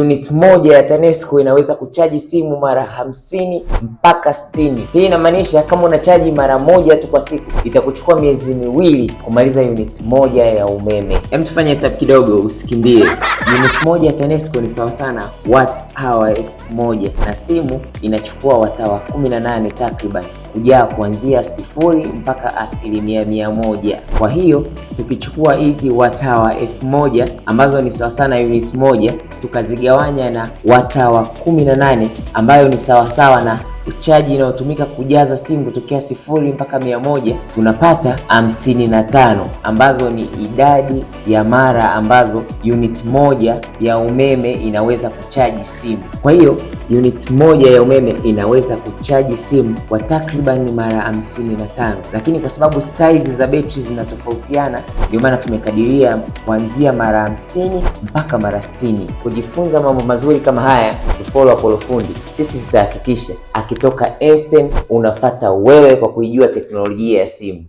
Unit moja ya TANESCO inaweza kuchaji simu mara hamsini mpaka sitini. Hii inamaanisha kama unachaji mara moja tu kwa siku itakuchukua miezi miwili kumaliza unit moja ya umeme. Hem, tufanye hesabu kidogo, usikimbie. Unit moja ya TANESCO ni sawa sana watt hour elfu moja na simu inachukua watawa 18 takriban kujaa kuanzia sifuri mpaka asilimia mia moja. Kwa hiyo tukichukua hizi watawa elfu moja ambazo ni sawa sana unit moja tukazigawanya na watawa kumi na nane ambayo ni sawasawa na uchaji inayotumika kujaza simu kutokea sifuri mpaka mia moja tunapata hamsini na tano ambazo ni idadi ya mara ambazo unit moja ya umeme inaweza kuchaji simu. Kwa hiyo unit moja ya umeme inaweza kuchaji simu kwa takriban mara 55, lakini kwa sababu size za betri zinatofautiana, ndio maana tumekadiria kuanzia mara 50 mpaka mara 60. Kujifunza mambo mazuri kama haya ni follow Apollo Fundi, sisi tutahakikisha akitoka Einstein unafata wewe kwa kuijua teknolojia ya simu.